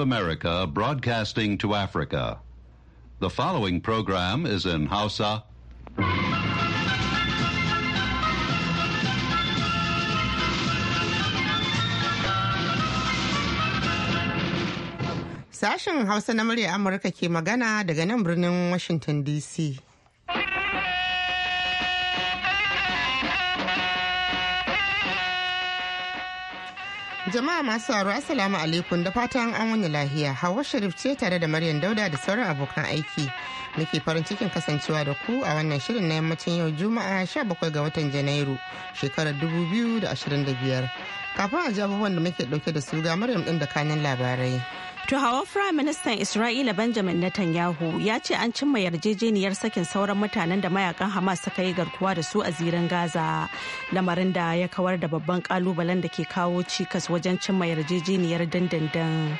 America broadcasting to Africa. The following program is in Hausa. Sashen Hausa na murya Amurka ke magana daga nan birnin Washington DC. Jama'a masu sauraro Assalamu alaikum da fatan an wani lahiya. Hawa Sharif ce tare da Maryam Dauda da sauran abokan aiki. Muke farin cikin kasancewa da ku a wannan shirin na yammacin yau Juma'a 17 ga watan Janairu shekarar 2025. Kafin a ji abubuwan da muke dauke da su ga Maryam din da kanin labarai. To hawa Prime Minister Isra'ila Benjamin Netanyahu ya ce an cimma yarjejeniyar sakin sauran mutanen da mayakan Hamas suka yi garkuwa da su a zirin Gaza, lamarin da ya kawar da babban kalubalen da ke kawo cikas wajen cimma yarjejeniyar dindindin.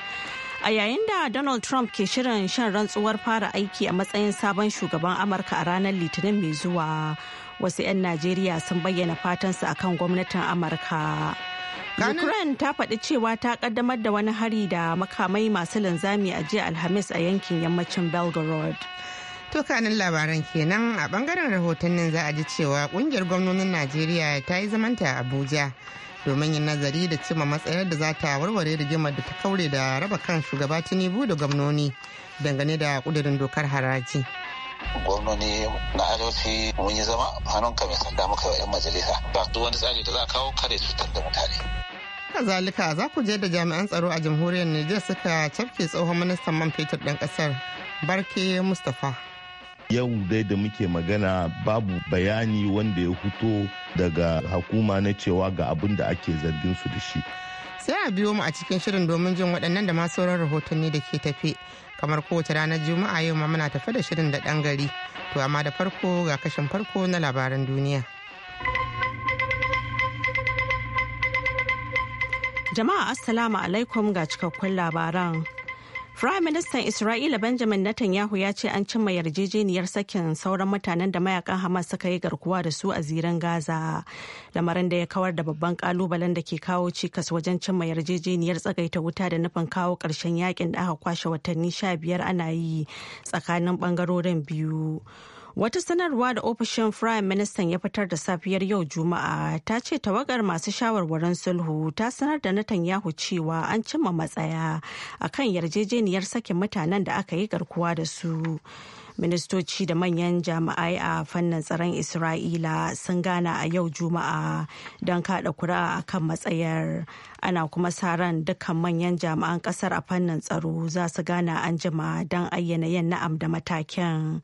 A yayin da Donald Trump ke shirin shan rantsuwar fara aiki a matsayin sabon shugaban Amurka a ranar Litinin mai zuwa, wasu 'yan Najeriya sun bayyana fatansu akan gwamnatin Amurka. Ukraine ta faɗi cewa ta kaddamar da wani hari da makamai masu linzami a jiya Alhamis a yankin yammacin Belgorod. To kanin labaran kenan a bangaren rahotannin za a ji cewa kungiyar gwamnonin Najeriya ta yi zamanta a Abuja domin yin nazari da cima matsayar da za ta warware rigimar da ta kaure da raba kan shugaba Tinubu da gwamnoni dangane da kudirin dokar haraji. gwamnoni na arewaci mun yi zama hannun ka mai sanda muka yi 'yan majalisa ba duk wani tsari da za a kawo kare cutar da mutane. kazalika za ku je da jami'an tsaro a jamhuriyar Nijar suka cafke tsohon ministan man fetur ɗin ƙasar Barke Mustapha. Yau dai da muke magana babu bayani wanda ya fito daga hukuma na cewa ga abin da ake zargin su da shi. Sai a biyo mu a cikin shirin domin jin waɗannan da masu sauran rahotanni da ke tafe. Kamar kowace ranar Juma'a yau ma muna tafe da shirin da ɗan gari. To amma da farko ga kashin farko na labaran duniya. Jama'a Assalamu alaikum ga cikakkun labaran. Prime Minister Isra'ila Benjamin Netanyahu ya ce an cimma yarjejeniyar sakin sauran mutanen da mayakan Hamas suka yi garkuwa da su a ziran Gaza. Lamarin da ya kawar da babban kalubalen da ke kawo cikas wajen cimma yarjejeniyar tsagaita wuta da nufin kawo ƙarshen yakin da aka kwashe watanni sha biyar ana yi tsakanin ɓangarorin biyu. Wata sanarwa da ofishin Prime Minister ya fitar da safiyar yau Juma'a ta ce tawagar masu shawarwarin sulhu ta sanar da Netanyahu cewa an cimma matsaya a kan yarjejeniyar sakin mutanen da aka yi garkuwa da su. ministoci da manyan jami'ai a fannin tsaron isra'ila sun gana a yau juma'a don kada kura a kan matsayar ana kuma sa ran dukkan manyan jami'an kasar a fannin tsaro za su gana an jima don ayyana yin na'am da matakin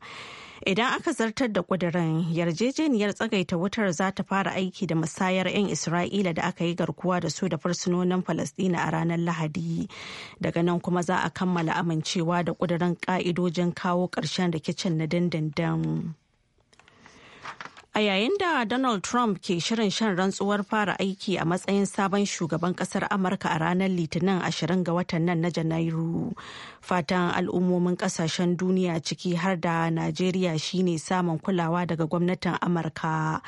Idan aka zartar da kudirin yarjejeniyar tsagaita wutar za ta fara aiki da musayar 'yan Isra'ila da aka yi garkuwa da su da fursunonin Falasɗina a ranar Lahadi. Daga nan kuma za a kammala amincewa da kudirin ƙa'idojin kawo ƙarshen rikicin na dindindin. A yayin da Donald Trump ke shirin shan rantsuwar fara aiki a matsayin sabon shugaban kasar Amurka a ranar Litinin 20 ga watan nan na Janairu, fatan al'ummomin kasashen duniya ciki har da Najeriya shine samun kulawa daga gwamnatin Amurka,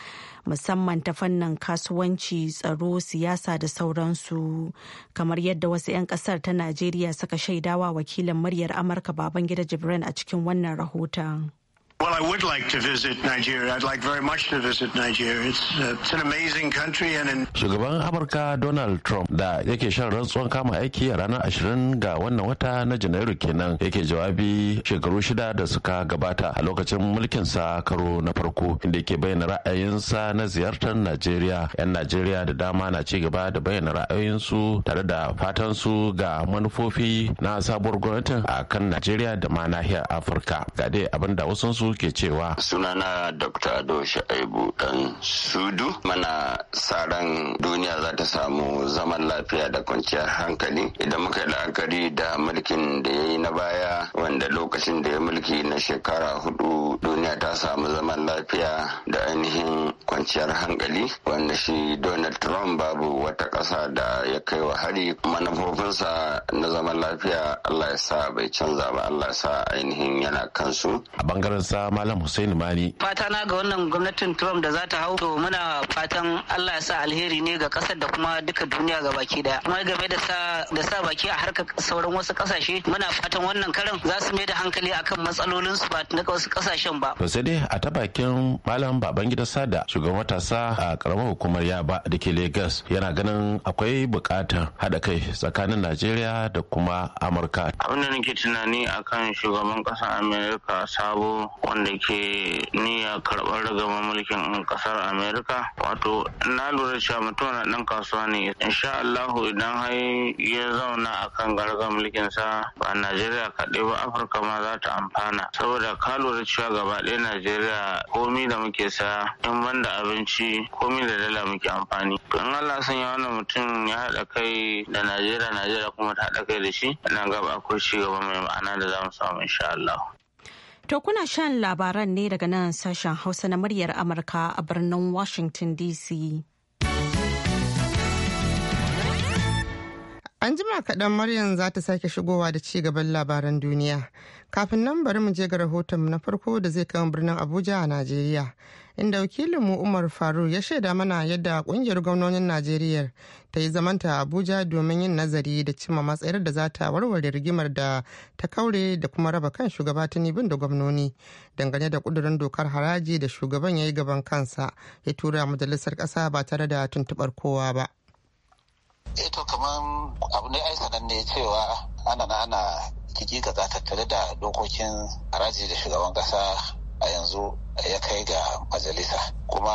musamman ta fannin kasuwanci, tsaro, siyasa da sauransu. Kamar yadda wasu 'yan kasar ta Najeriya suka shaidawa wakilin muryar Amurka Babangida Jibrin a cikin wannan rahoton. Well, I would like to visit Nigeria. I'd like very much to visit Nigeria. It's, uh, it's an amazing country and in... Shugaban Amurka Donald Trump da yake shan rantsuwan kama aiki a ranar 20 ga wannan wata na Janairu kenan yake jawabi shekaru shida da suka gabata a lokacin mulkinsa karo na farko inda yake bayyana ra'ayinsa na ziyartar Najeriya. 'Yan Najeriya da dama na ci gaba da bayyana ra'ayoyinsu tare da fatan su ga manufofi na sabuwar gwamnatin a kan Najeriya da ma nahiyar Afirka. Ga dai abin da wasansu cewa. Sunana Dr. Ado Shaibu dan Sudu mana sa ran duniya za ta samu zaman lafiya da kwanciyar hankali idan muka yi la'akari da mulkin da ya yi na baya wanda lokacin da ya mulki na shekara hudu duniya ta samu zaman lafiya da ainihin kwanciyar hankali wanda shi Donald Trump babu wata ƙasa da ya kai wa hari manufofinsa na zaman lafiya Allah ya sa bai canza ba Allah ya sa ainihin yana kansu. A bangaren sa Hausa Malam Hussein Mani. Fata na ga wannan gwamnatin Trump da za ta hau to muna fatan Allah ya sa alheri ne ga kasar da kuma duka duniya ga baki daya. Kuma game da sa da sa baki a harkar sauran wasu kasashe muna fatan wannan karan za su mai da hankali akan matsalolin su ba na wasu kasashen ba. To sai dai a ta bakin Malam Babangida Sada shugaban matasa a karamar hukumar Yaba da ke Lagos yana ganin akwai bukatar haɗa kai tsakanin Najeriya da kuma Amurka. Abin da nake tunani akan shugaban kasa Amerika sabo wanda ke niyya karɓar ragama mulkin ƙasar amerika wato na lura cewa mutum na ɗan kasuwa ne insha allahu idan har ya zauna akan mulkin sa ba najeriya kaɗai ba afirka ma za ta amfana saboda ka lura cewa gaba ɗaya najeriya komi da muke saya in banda abinci komi da dala muke amfani to in allah san ya wannan mutum ya haɗa kai da najeriya najeriya kuma ta haɗa kai da shi nan gaba akwai ci gaba mai ma'ana da za mu samu insha allah To kuna shan labaran ne daga nan sashen Hausa na muryar Amurka a birnin Washington DC. An jima kaɗan Maryam za ta sake shigowa da ci gaban labaran duniya. Kafin nan bari mu je ga rahoton na farko da zai kan birnin Abuja a Najeriya. Inda wakilinmu Umar Faru ya shaida mana yadda kungiyar gwamnonin Najeriya ta yi zamanta Abuja domin yin nazari da cimma matsayar da za ta warware rigimar da ta kaure da kuma raba kan shugaba bin da gwamnoni dangane da kudurin dokar haraji da shugaban ya yi gaban kansa ya tura majalisar ƙasa ba tare da tuntuɓar kowa ba. eh to kaman abu ne ai sananne cewa ana na ana kiki ga tattare da dokokin haraji da shugaban kasa a yanzu ya kai ga majalisa kuma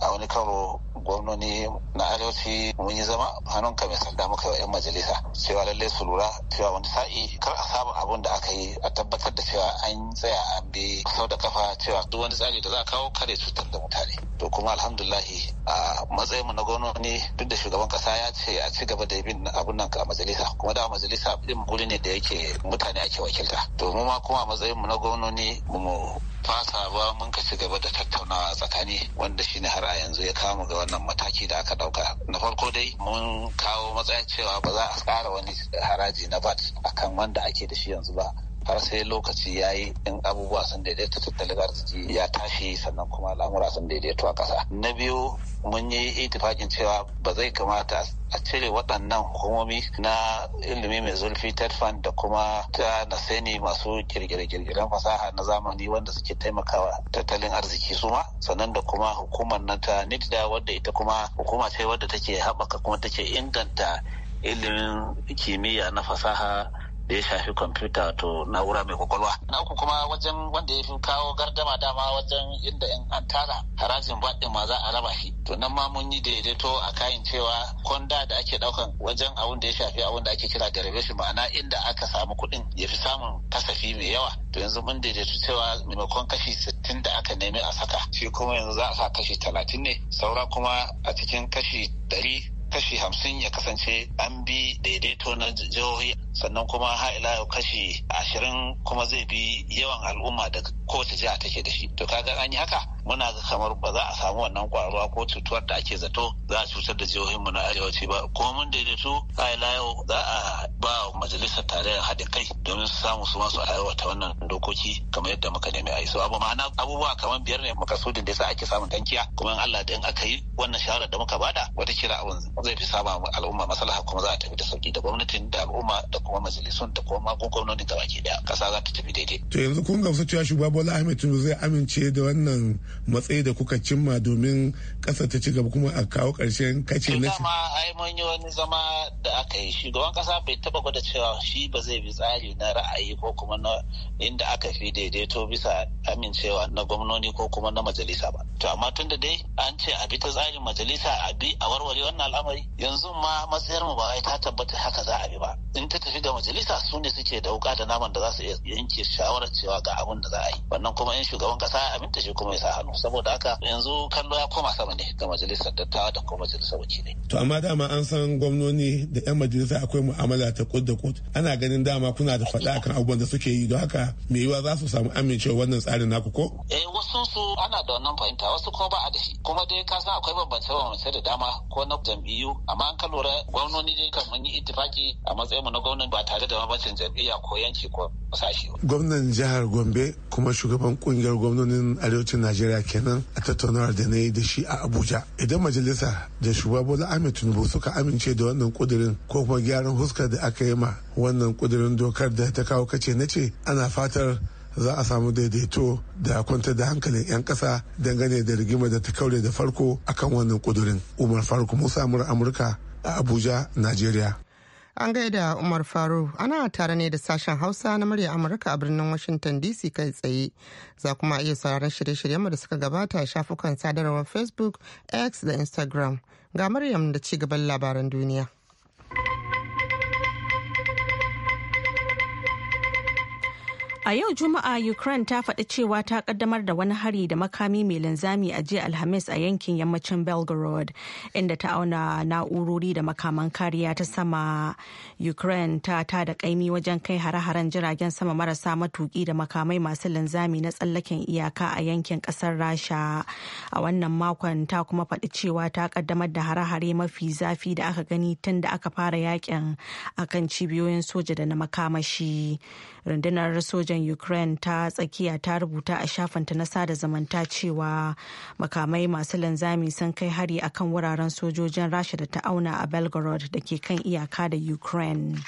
a wani karo gwamnoni na arewaci mun yi zama hannun ka mai sanda muka yi majalisa cewa lallai su lura cewa wani sa'i kar a saba abun da aka yi a tabbatar da cewa an tsaya an bi sau da kafa cewa duk wani tsari da za a kawo kare cutar da mutane to kuma alhamdulahi a matsayinmu na gwamnoni duk da shugaban kasa ya ce a ci gaba da bin abun nan a majalisa kuma da majalisa din guri ne da yake mutane ake wakilta to mu ma kuma a matsayinmu na gwamnoni mu fasa ba mun ka ci gaba da tattaunawa a tsakani wanda shine har a yanzu ya kama ga wannan mataki da aka dauka na farko dai mun kawo matsayin cewa ba za a tsara wani haraji na bat akan wanda ake da shi yanzu ba har sai lokaci ya yi in abubuwa sun daidaita tattalin arziki ya tashi sannan kuma al'amura sun daidaito a ƙasa na biyu mun yi itifakin cewa ba zai kamata a cire waɗannan hukumomi na ilimi mai zulfi tedfan da kuma ta naseni masu kirkire-kirkiren fasaha na zamani wanda suke taimakawa tattalin arziki su ma sannan da kuma hukumar na ta wadda ita kuma hukuma ce wadda take haɓaka kuma take inganta ilimin kimiyya na fasaha da ya shafi kwamfuta to na'ura mai kwakwalwa. Na uku kuma wajen wanda ya fi kawo gardama dama wajen inda in an tara harajin baɗin ma za a raba shi. To nan ma mun yi daidaito a kayan cewa kwanda da ake ɗaukan wajen abun da ya shafi abun da ake kira Garbeshi ma'ana inda aka samu kuɗin ya fi samun kasafi mai yawa. To yanzu mun daidaito cewa maimakon kashi sittin da aka nemi a saka shi kuma yanzu za a sa kashi talatin ne saura kuma a cikin kashi ɗari kashi hamsin ya kasance an bi daidaito na jihohi sannan kuma ha'ila yau kashi ashirin kuma zai bi yawan al'umma da kowace jiha take da shi to kaga an yi haka muna ga kamar ba za a samu wannan kwaruwa ko cutuwar da ake zato za a cutar da jihohinmu na arewaci ba kuma mun daidaito ha'ila yau za a ba wa majalisar tarayyar haɗin kai domin su samu su masu aiwata wannan dokoki kamar yadda muka nemi a yi su abu ma'ana abubuwa kamar biyar ne makasudin da yasa ake samun tankiya kuma in Allah da in aka yi wannan shawarar da muka bada wata kira abun zai fi sama al'umma maslaha kuma za a tafi da sauki da gwamnatin da al'umma da kuma majalisun da kuma gwamnonin gaba ke daya kasa za ta tafi daidai. to yanzu kun gamsu cewa shugaba bola ahmed tunu zai amince da wannan matsayi da kuka cimma domin kasa ta ci gaba kuma a kawo karshen kace eh, na shi. ai mun yi wani zama da aka yi shugaban kasa bai taba gwada cewa shi ba zai bi tsari na ra'ayi ko kuma na inda aka fi daidaito bisa amincewa na gwamnoni ko kuma na majalisa ba to amma tun da dai an ce a bi ta tsarin majalisa a bi a warware wannan al'amari al'amari yanzu ma matsayar mu ba wai ta tabbata haka za a bi ba in ta tafi ga majalisa su ne suke da wuka da naman da za su yanke shawarar cewa ga abun da za a yi wannan kuma in shugaban kasa ya aminta shi kuma ya sa hannu saboda haka yanzu kallo ya koma sama ne ga majalisar dattawa da kuma majalisar wakilai to amma dama an san gwamnoni da yan majalisa akwai mu'amala ta kud da kud ana ganin dama kuna da faɗa akan abubuwan da suke yi don haka me yiwa za su samu amincewa wannan tsarin naku ko eh wasu su ana da wannan fahimta wasu kuma ba a da shi kuma dai ka san akwai bambance bambance da dama ko na jam'i jam'iyyu amma an ka lura gwamnoni dai kan mun yi ittifaki a matsayin mu na gwamnati ba tare da mabacin jam'iyya ko yanki ko sashi ba. Gwamnan jihar Gombe kuma shugaban kungiyar gwamnonin arewacin Najeriya kenan a tattaunawar da na yi da shi a Abuja. Idan majalisa da shugaba Bola Ahmed Tinubu suka amince da wannan kudirin ko kuma gyaran huskar da aka yi ma wannan kudirin dokar da ta kawo kace na ce ana fatar za a samu daidaito da kwantar da hankalin 'yan kasa dangane da rigima da ta kaure da farko akan wannan kudurin umar faruk musa mura amurka a abuja nigeria an gaida umar faru ana tare ne da sashen hausa na murya amurka a birnin washington dc kai tsaye za kuma iya sauraron shirye-shiryen da suka gabata a shafukan sadarwar facebook x da instagram ga maryam da ci gaban labaran duniya A yau Juma'a Ukraine ta faɗi cewa ta kaddamar da wani hari da makami mai linzami a jiya Alhamis a yankin yammacin Belgorod inda ta auna na'urori da makaman kariya ta sama. Ukraine ta ta da kaimi wajen kai hare-haren jiragen sama marasa matuki da makamai masu linzami na tsallaken iyaka a yankin ƙasar Rasha. A wannan makon ta kuma faɗi cewa ta kaddamar da hare-hare mafi zafi da aka gani tun da aka fara yakin akan cibiyoyin soja da na makamashi. rundunar sojan ukraine ta tsakiya ta rubuta a shafanta na sada zamanta cewa makamai masu linzami sun kai hari akan wuraren sojojin rasha da ta auna a belgorod da ke kan iyaka da ukraine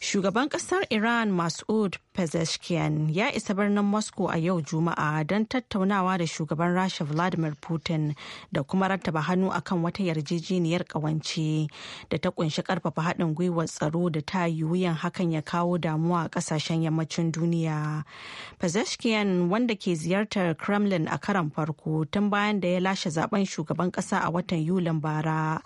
shugaban kasar iran masud Pezeshkian ya isa birnin Moscow a yau Juma'a don tattaunawa da shugaban Rasha Vladimir Putin da kuma rattaba hannu akan wata yarjejeniyar kawance da ta kunshi karfafa haɗin gwiwar tsaro da ta yiwuyan hakan ya kawo damuwa a ƙasashen yammacin duniya. Pezeshkian wanda ke ziyartar Kremlin a karan farko tun bayan da ya lashe zaben shugaban ƙasa a watan Yulin bara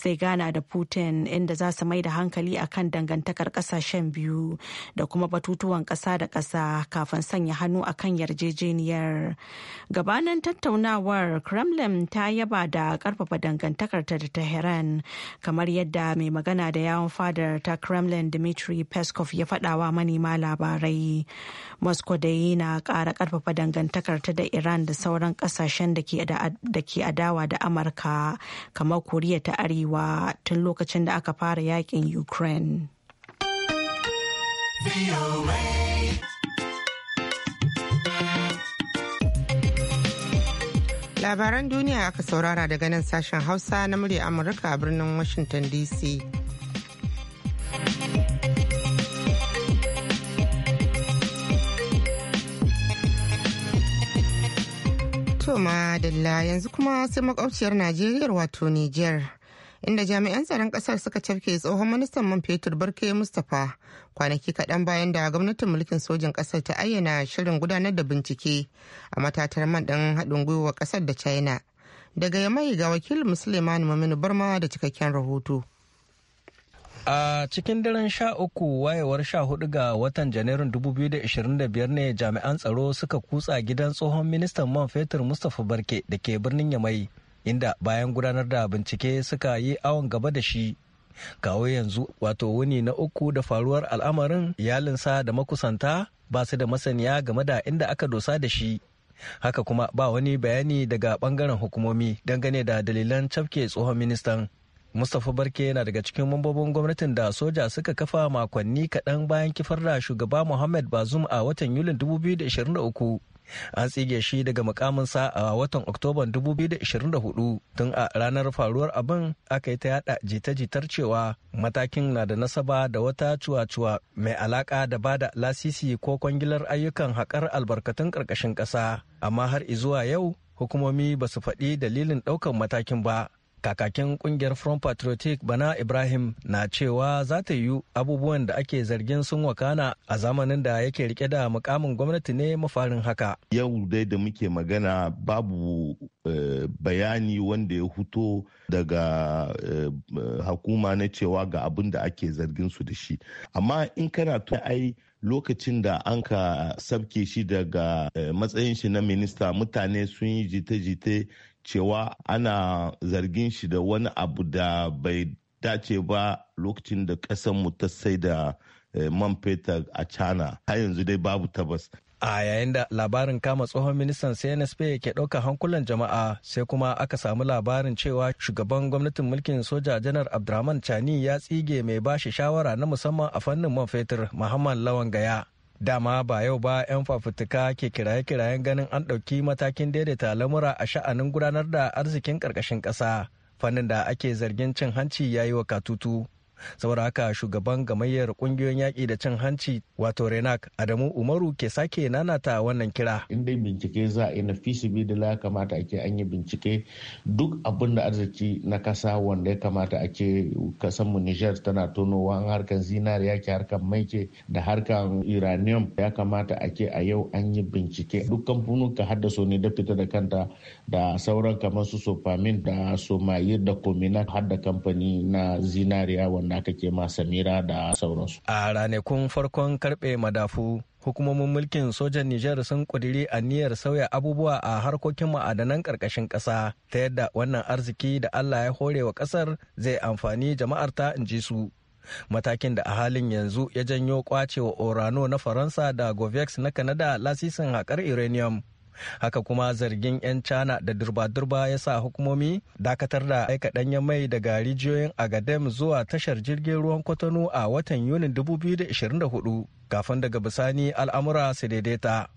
zai gana da Putin inda za su mai da hankali akan dangantakar ƙasashen biyu da kuma batutuwan ƙasa da ƙasa kafin sanya hannu a kan yarjejeniyar. Gabanin tattaunawar Kremlin ta yaba da ƙarfafa dangantakarta da Tehran kamar yadda mai magana da yawon fadar ta Kremlin Dmitry Peskov ya faɗawa manema labarai. Moscow dai na ƙara ƙarfafa dangantakarta da Iran da sauran ƙasashen da ke adawa da Amurka kamar Koriya ta Arewa tun lokacin da aka fara yakin Ukraine. Labaran duniya aka saurara daga nan sashen Hausa na murya Amurka a birnin Washington DC. Toma Dalla yanzu kuma sai makwabciyar Najeriya wato Nijar. inda jami'an tsaron kasar suka cafke tsohon ministan man fetur barke mustapha kwanaki kaɗan bayan da gwamnatin mulkin sojin kasar ta ayyana shirin gudanar da bincike a matatar man ɗin haɗin gwiwa kasar da china daga yamai ga wakil musulman maminu barma da cikakken rahoto a cikin daren sha uku wayewar sha hudu ga watan janairun 2025 ne jami'an tsaro suka kutsa gidan tsohon ministan man fetur mustapha barke da ke birnin yamai inda bayan gudanar da bincike suka yi awon gaba da shi kawo yanzu wato wuni na uku da faruwar al'amarin iyalinsa da makusanta ba su da masaniya game da inda aka dosa da shi haka kuma ba wani bayani daga bangaren hukumomi dangane da dalilan cafke tsohon ministan mustapha barke na daga cikin mambobin gwamnatin da soja suka kafa makonni kaɗan bayan kifar da shugaba muhammad bazum a watan yulin 2023 an tsige shi daga mukaminsa a watan oktoban 2024 tun a ranar faruwar abin aka yi ta yada jita-jitar cewa matakin na da nasaba da wata cuwa-cuwa mai alaka da bada lasisi ko kwangilar ayyukan haƙar albarkatun ƙarƙashin ƙasa amma har izuwa yau hukumomi ba su faɗi dalilin ɗaukan matakin ba kakakin kungiyar front patriotic bana ibrahim na cewa za ta yiwu abubuwan da ake zargin sun wakana a zamanin da yake rike da mukamin gwamnati ne mafarin haka yau dai da muke magana babu eh, bayani wanda ya huto daga eh, hukuma na cewa ga abin da ake zargin su da shi amma in kana to ai lokacin da an ka sabke shi daga eh, matsayin shi na minista mutane sun yi jite-jite cewa ana zargin shi da wani abu da bai dace ba lokacin da mu ta sai da eh, man fetur a china har yanzu dai babu tabbas a yayin da labarin kama tsohon ministan cnsp ke ɗaukar hankulan jama'a sai kuma aka samu labarin cewa shugaban gwamnatin mulkin soja janar abdurrahman chani ya tsige mai bashi shawara na musamman a fannin man fetur muhammad lawan gaya dama ba yau ba 'yan fafutuka ke kiraye-kirayen ganin an ɗauki matakin daidaita lamura a sha'anin gudanar da arzikin ƙarƙashin ƙasa fannin da ake zargin cin hanci ya yi wa katutu saboda haka shugaban gamayyar kungiyoyin yaƙi da cin hanci wato renak adamu umaru ke sake nanata wannan kira in dai bincike za a yi na fisibi da ya kamata ake an yi bincike duk abin da arziki na kasa wanda ya kamata ake kasan mu niger tana tonowa an harkan zinariya ke harkan mai ke da harkar uranium ya kamata ake a yau an yi bincike duk kamfanin ka haddasa ne da fita da kanta da sauran kamar su sofamin da somayi da komina har da kamfani na zinariya wanda da aka ke ma samira da sauransu a ranakun farkon karbe madafu hukumomin mulkin sojan Nijar sun a niyyar sauya abubuwa a harkokin ma'adanan ƙarƙashin ƙasa ta yadda wannan arziki da Allah ya hore wa ƙasar zai amfani jama'arta in ji su. Matakin da a halin yanzu ya janyo kwacewa Orano na Faransa da Govex na Kanada lasisin haƙar uranium. haka kuma zargin 'yan cana da durba-durba ya sa hukumomi dakatar da aika danyen mai daga rijiyoyin agadem zuwa tashar jirgin ruwan kwatano a watan yunin 2024 kafin daga bisani al'amura su daidaita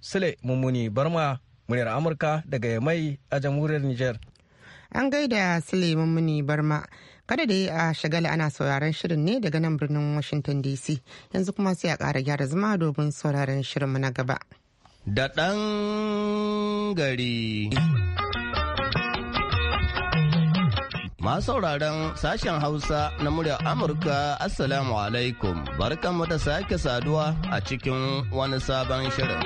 sule mummuni barma muryar amurka daga mai a jamhuriyar niger an gaida sule mummuni barma kada da a shagala ana sauraron shirin ne daga nan birnin washington dc yanzu kuma sai a kara gyara zama domin sauraron mu na gaba. da ɗan gari. Masu sauraron sashen Hausa na muryar Amurka Assalamu alaikum barkanmu da sake saduwa a cikin wani sabon shirin.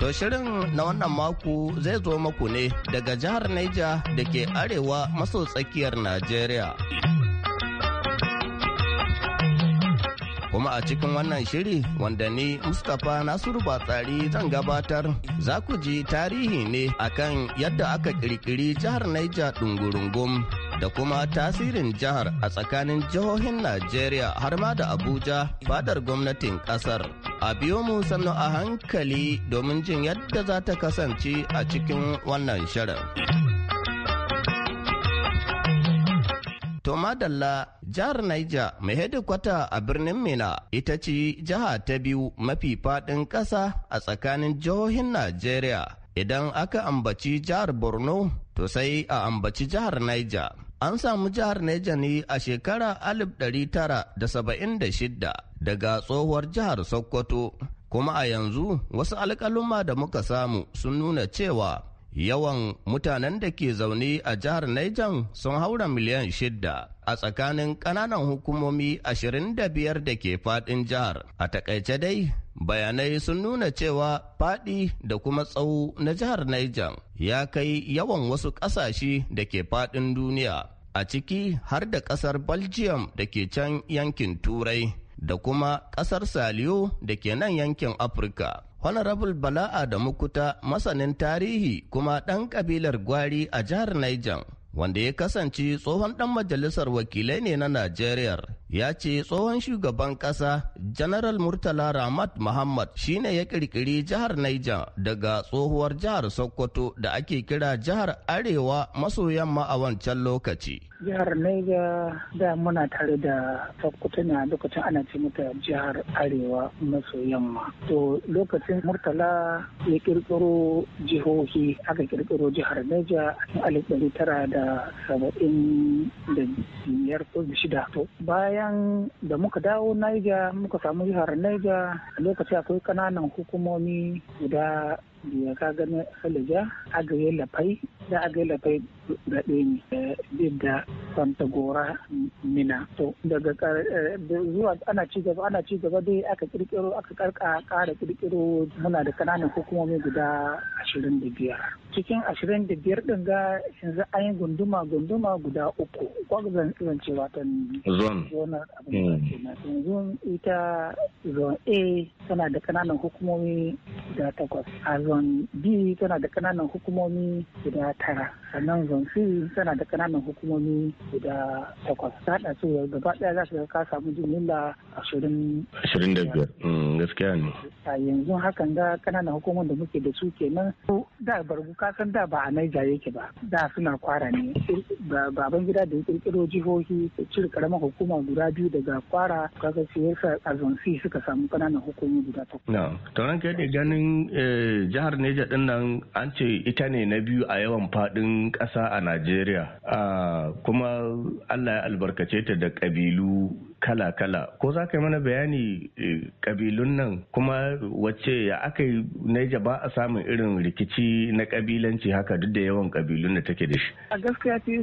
To shirin na wannan mako zai zo maku ne daga jihar Niger da ke arewa maso tsakiyar Najeriya. kuma a cikin wannan shiri wanda ni mustapha nasiru batsari zan gabatar za ku ji tarihi ne akan yadda aka kirkiri jihar naija dungurungum da kuma tasirin jihar a tsakanin jihohin najeriya har ma da abuja fadar gwamnatin kasar a biyo mu sannu a hankali domin jin yadda za ta kasance a cikin wannan shirin. To madalla jihar Naija mai hedikwata a birnin Mina ita ce jiha ta biyu mafi faɗin ƙasa a tsakanin jihohin Najeriya. Idan aka ambaci jihar Borno to sai a ambaci jihar Naija. An samu jihar Naija ne a shekara 1976 daga tsohuwar jihar Sokoto. Kuma a yanzu wasu alkaluma da muka samu sun nuna cewa Yawan mutanen da ke zaune a jihar Niger sun haura miliyan shida a tsakanin ƙananan hukumomi 25 da ke faɗin jihar. A takaice dai, bayanai sun nuna cewa faɗi da kuma tsawo na jihar Niger ya kai yawan wasu ƙasashe da ke faɗin duniya, a ciki har da ƙasar Belgium da ke can yankin Turai. Da kuma ƙasar Saliyo da ke nan yankin Afirka. Honorable Bala'a da Mukuta masanin tarihi kuma ɗan ƙabilar gwari a jihar Niger. wanda ya kasance tsohon ɗan majalisar wakilai ne na Najeriya ya ce tsohon shugaban ƙasa General Murtala Ramat Muhammad shine ya ƙirƙiri jihar Niger daga tsohuwar jihar Sokoto da ake kira jihar Arewa maso yamma a wancan lokaci. jihar Niger da muna tare da Sokoto lokacin ana ce mata jihar Arewa maso yamma. To lokacin Murtala ya kirkiro jihohi aka kirkiro jihar Niger a alif ɗari tara da saba'in da biyar ko shida. To bayan da muka dawo Niger muka samu jihar Niger a lokacin akwai ƙananan hukumomi guda biyar ka gani salija agaye lafai da agaye lafai gaɗe ne eh, da gora Mina. To daga eh, zuwa ana ci gaba ana ci gaba dai aka kirkiro aka karka kara kirkiro muna da kananan hukumomi guda ashirin da biyar. Cikin ashirin da biyar din ga yanzu an yi gunduma gunduma guda uku. zan watan na abin da hmm. ita zuwa A tana da kananan hukumomi guda takwas a zon b tana da kananan hukumomi guda tara sannan zon c tana da kananan hukumomi guda takwas ta hada su gaba ɗaya za su ga ka samu jimilla ashirin ashirin da biyar mm, gaskiya ne a yanzu hakan ga kananan hukumomin da muke da su kenan da bargu kasan da ba a naija yake ba da suna kwara ne baban gida da ya kirkiro jihohi cire karamar hukuma guda biyu daga kwara kaga su yasa a zon c suka samu kananan hukumomi ne guda takwas. Na, tauran da ganin eh, jihar Neja din nan an ce ita ne na biyu a yawan fadin kasa a Najeriya. Ah, kuma Allah ya albarkace ta da ƙabilu kala-kala ko za ka yi mana bayani kabilun eh, nan kuma wacce ya aka yi naija ba a samun irin rikici na kabilanci haka duk da yawan kabilun da take da shi a gaskiya fi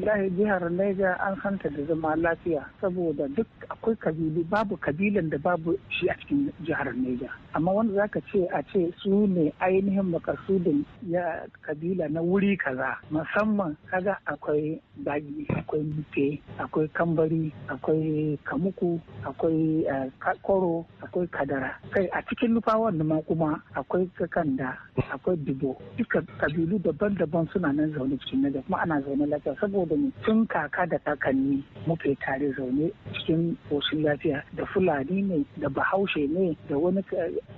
lahi jihar naija an ta da zama lafiya saboda duk akwai kabilu babu kabilan da babu shi a cikin jihar naija amma wanda za ka ce a ce su ne ainihin makasudin ya kabila na wuri kaza musamman kaga akwai bagi akwai mute akwai kambari akwai kamuku akwai eh, koro akwai kadara kai a cikin nufawan ma kuma akwai kakanda akwai dubo duka kabilu daban-daban suna nan zaune cikin najar kuma ana zaune lafiya saboda ne tun kaka da kakanni muke tare zaune cikin koshin lafiya da fulani ne da bahaushe ne da wani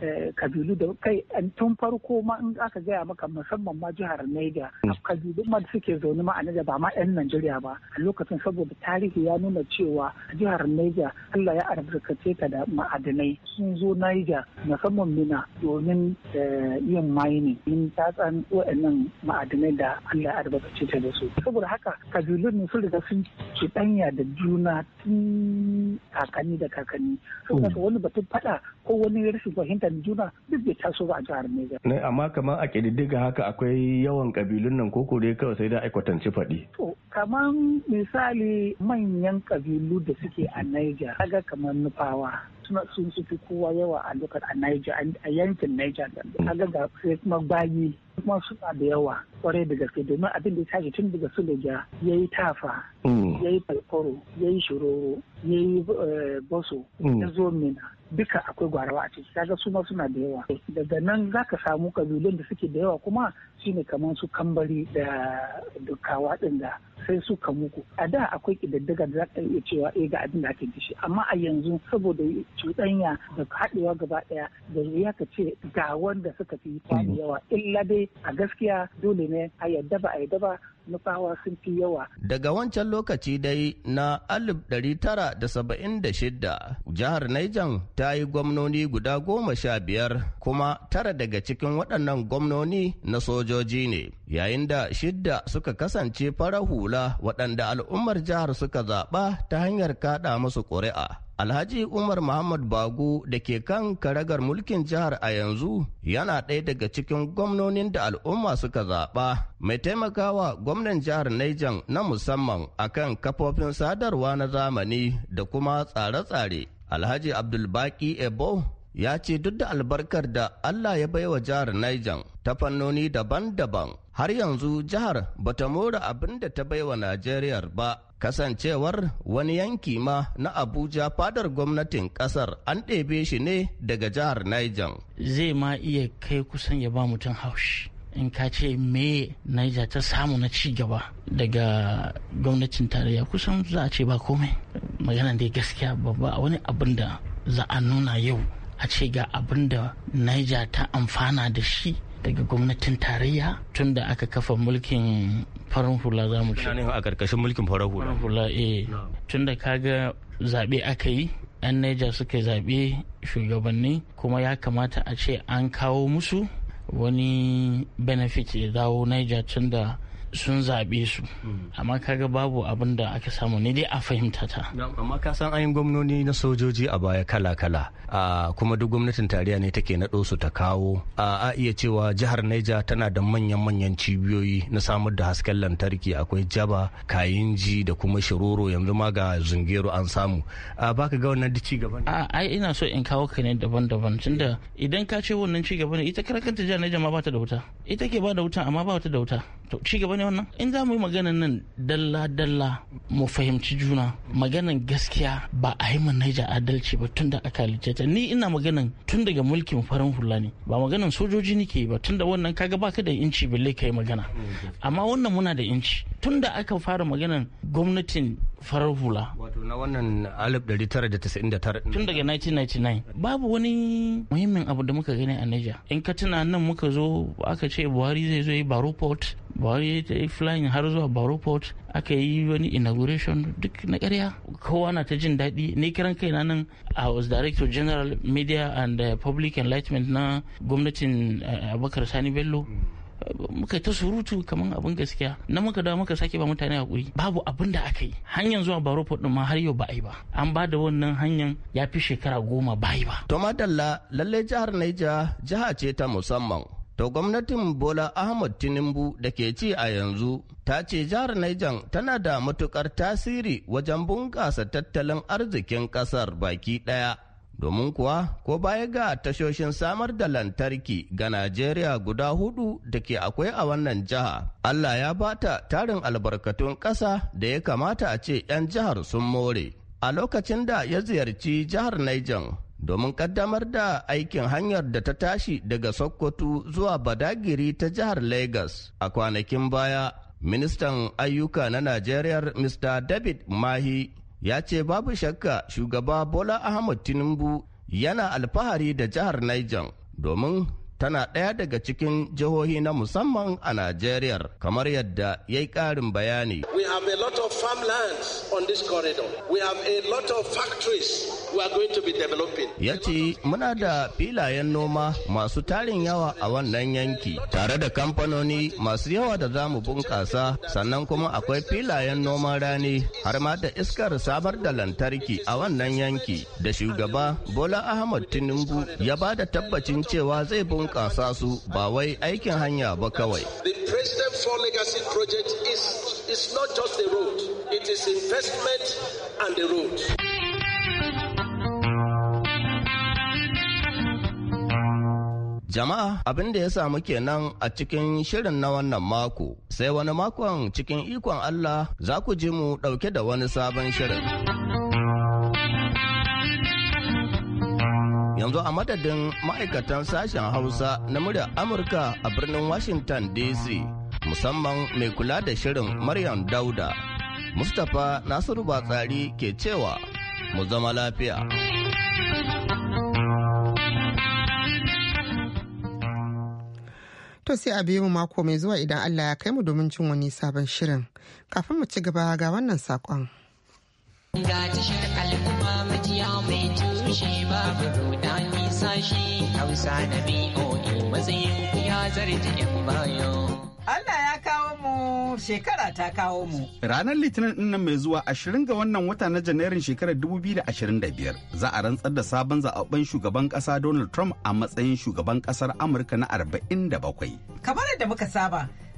eh, kabilu da kai tun farko ma in aka gaya maka musamman ma jihar naija mm. kabilu ma suke zaune ma a ba ma 'yan Najeriya ba a lokacin saboda tarihi ya nuna cewa jihar Niger Allah ya albarkace ka da ma'adinai sun zo Niger musamman mina domin eh, yin mining in tatsan wa'annan ma'adanai da Allah ya albarkace ta da su saboda haka kabilun sun riga sun ci danya da juna tun kakanni da kakanni saboda wani batun faɗa ko wani rashin fahimtar juna duk bai taso ba a jihar Niger. amma kamar a kididdiga haka akwai yawan kabilun nan ko dai kawai sai da aikwatanci faɗi. to kamar misali manyan kabilu da suke a a Niger kaga kamar nufawa suna sun fi kowa yawa a lokacin a Niger a yankin Niger mm. kaga ga sai kuma bayi kuma suna da yawa kwarai da gaske domin abin da ya tashi tun daga Suleja ya yi tafa mm. ya yi falkoro ya yi shiroro ya yi eh, boso mm. ya zo mina duka akwai gwarawa a ciki kaga su ma suna da yawa daga nan za ka samu kabilun da suke da yawa kuma shine kamar su kambari da dukawa din da sai suka muku a da akwai kididdiga da za iya cewa eh ga abin da ake dishi amma a yanzu saboda cuɗanya da haɗewa gaba ɗaya da ya ka ce ga wanda suka fi kwani yawa illa dai a gaskiya dole ne a yadda ba a yadda ba nufawa sun fi yawa. Daga wancan lokaci dai na 1976 jihar Niger ta yi gwamnoni guda goma sha biyar kuma tara daga cikin waɗannan gwamnoni na sojoji ne yayin da shidda suka kasance farahu kula waɗanda al'ummar jihar suka zaɓa ta hanyar kaɗa musu ƙuri'a. Alhaji Umar Muhammad Bagu da ke kan karagar mulkin jihar a yanzu yana ɗaya daga cikin gwamnonin da al'umma suka zaɓa mai taimakawa gwamnan jihar Naijan na musamman akan kafofin sadarwa na zamani da kuma tsare-tsare. Alhaji Abdulbaki Ebo ya ce duk da albarkar da Allah ya baiwa jihar Niger ta fannoni daban-daban har yanzu jihar ba ta mora abin da ta baiwa Najeriya ba kasancewar wani yanki ma na Abuja fadar gwamnatin kasar an ɗebe shi ne daga jihar Niger. Zai ma iya kai kusan ya ba mutum haushi. in ka ce me Niger ta samu na ci gaba daga gwamnatin tarayya kusan za a ce ba komai magana dai gaskiya babba wani abin da za a nuna yau a ce ga abin da niger ta amfana da shi daga gwamnatin tarayya tun da aka kafa mulkin farin hula za mu ce a karkashin mulkin farin hula hula eh. tun da kaga zaɓe aka yi yan niger suka zaɓe shugabanni kuma ya kamata a ce an kawo musu wani benefit ya dawo niger tun da sun zaɓe su amma kaga babu abin da aka samu ne dai a fahimta ta amma ka san ayin gwamnoni na sojoji a baya kala-kala kuma duk gwamnatin tarayya ne take naɗo su ta kawo a iya cewa jihar Neja tana da manyan-manyan cibiyoyi na samar da hasken lantarki akwai jaba kayinji da kuma shiroro yanzu ma ga zungero an samu baka ga wannan ci gaba a ai ina so in kawo ka ne daban-daban tunda idan ka ce wannan ci gaba ne ita karakanta jihar Neja ma ba ta da wuta ita ke ba da wuta amma ba ta da wuta to ci gaba ne wannan in za mu yi maganan nan dalla dalla mu fahimci juna maganan gaskiya ba a yi ma Niger adalci ba tun da aka halice ta ni ina maganan tun daga mulkin farin hula ne ba maganan sojoji nake ba tun da wannan kaga ka da inci balle yi magana amma wannan muna da inci tun da aka fara maganan gwamnatin farar hula. Wato na wannan 1999. Tun daga 1999. Babu wani muhimmin abu da muka gani a Niger. In ka tuna nan muka zo aka ce Buhari zai zo yi Baro Port bawai ta yi flying har zuwa baro port aka yi wani inauguration duk na karya kowa na ta jin daɗi ne kiran kai nan a was director general media and uh, public enlightenment na gwamnatin Abakar uh, abubakar sani bello uh, muka ta surutu kamar abin gaskiya na muka dawo muka sake ba mutane hakuri babu abin da aka yi hanyar zuwa baro din ma har yau ba a yi ba an ba da wannan hanyar ya fi shekara goma ba yi ba to madalla lallai jihar naija jiha ce ta musamman To gwamnatin Bola Ahmad Tinubu da ke ci a yanzu ta ce jihar Niger tana da matukar tasiri wajen bunƙasa tattalin arzikin ƙasar baki ɗaya. Domin kuwa ko baya ga tashoshin samar da lantarki ga Najeriya guda hudu da ke akwai a wannan jiha, Allah ya bata tarin albarkatun ƙasa da ya kamata a ce 'yan jihar sun more. A lokacin da ya ziyarci jihar Niger, domin kaddamar da aikin hanyar da ta tashi daga Sokoto zuwa Badagiri ta jihar Lagos a kwanakin baya. Ministan ayyuka na Najeriya Mr. David Mahi ya ce babu shakka shugaba Bola Ahmad Tinubu yana alfahari da jihar Niger domin tana ɗaya daga cikin jihohi na musamman a Najeriya kamar yadda ya yi ƙarin bayani. We have a lot of farmlands on this corridor. We have a lot of factories we are going to be developing. Ya ce muna da filayen noma masu tarin yawa a wannan yanki tare da kamfanoni masu yawa da za mu bunƙasa sannan kuma akwai filayen noman rani har ma da iskar samar da lantarki a wannan yanki da shugaba Bola Ahmad Tinubu ya ba da tabbacin cewa zai bunƙasa bunƙasa su ba wai aikin hanya ba kawai. The President for Legacy Project is, not just the road, it investment and the Jama'a abin da ya samu kenan a cikin shirin na wannan mako, sai wani makon cikin ikon Allah za ku ji mu ɗauke da wani sabon shirin. yanzu a madadin ma'aikatan sashen hausa na murya amurka a birnin washington dc musamman mai kula da shirin maryam dauda mustapha nasiru batsari ke cewa mu zama lafiya to sai a biyu mako mai zuwa idan allah ya kai mu domin cin wani sabon shirin kafin mu ci gaba ga wannan sakon Ga tashar al'umma majiya mai tushe babu rudani sashi Hausa na BOA matsayin ya zarta 'yan bayo. Allah ya kawo mu shekara ta kawo mu. Ranar Litinin din nan mai zuwa 20 ga wannan wata na Janairun shekarar 2025 za a rantsar da sabon zaɓen shugaban ƙasa Donald Trump a matsayin shugaban ƙasar Amurka na 47. Kamar da muka saba,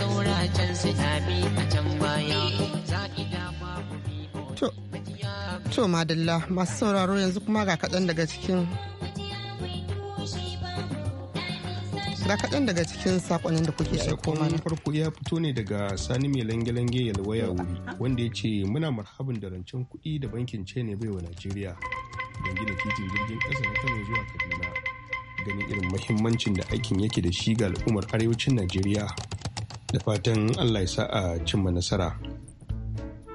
saura can su to madalla masu sauraro yanzu kuma ga kaɗan daga cikin ga kaɗan daga cikin sakonin da kuke aiko mana. farko ya fito ne daga sani mai lange-lange waya wuri wanda ya ce muna marhabin da rancen kuɗi da bankin ce ne baiwa najeriya don gina titin jirgin ƙasa na kano zuwa kaduna ganin irin mahimmancin da aikin yake da shi ga al'ummar arewacin najeriya da fatan allah ya sa a cimma nasara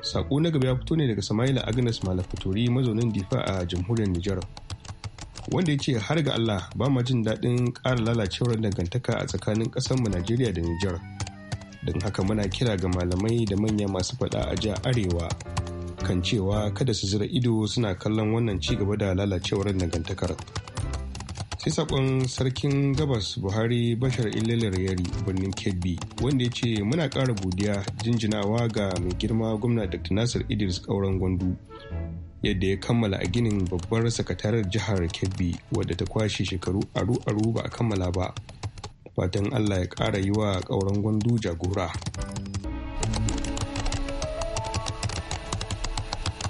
sako na gaba ya fito ne daga samaila agnes malafaturi mazaunin difa a jamhuriyar nijar wanda ya ce har ga allah ba ma jin daɗin ƙara lalacewar dangantaka a tsakanin ƙasarmu najeriya da nijar don haka muna kira ga malamai da manya masu faɗa a ja arewa kan cewa kada su zira ido suna kallon wannan ci gaba da lalacewar dangantakar. sai sakon sarkin gabas buhari bashar ililar yari birnin kebbi wanda ya ce muna ƙara godiya jinjinawa ga mai girma gwamna dr nasir idris kauran gwandu yadda ya kammala a ginin babbar sakatarar jihar kebbi wadda ta kwashe shekaru aru-aru ba a kammala ba fatan allah ya ƙara yi wa kauran gwandu jagora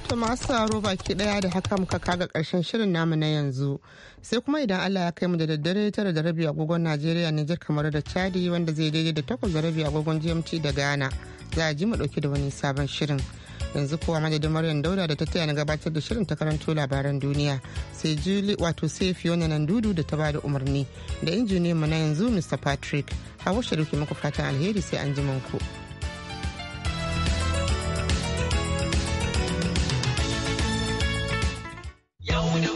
To masu sauraro baki daya da haka muka kaga karshen shirin namu na yanzu. Sai kuma idan Allah ya kai mu da daddare tara da rabi agogon Najeriya Nijar kamar da Chadi wanda zai daidai da takwas da rabi agogon GMT da Ghana. Za a ji mu dauki da wani sabon shirin. Yanzu kowa madadin Maryam Dauda da ta taya na gabatar da shirin ta karanto labaran duniya. Sai Juli wato sai Fiona nan dudu da ta bada umarni da injiniyan mu na yanzu Mr Patrick. Hawa ke muku fatan alheri sai an ji ku. know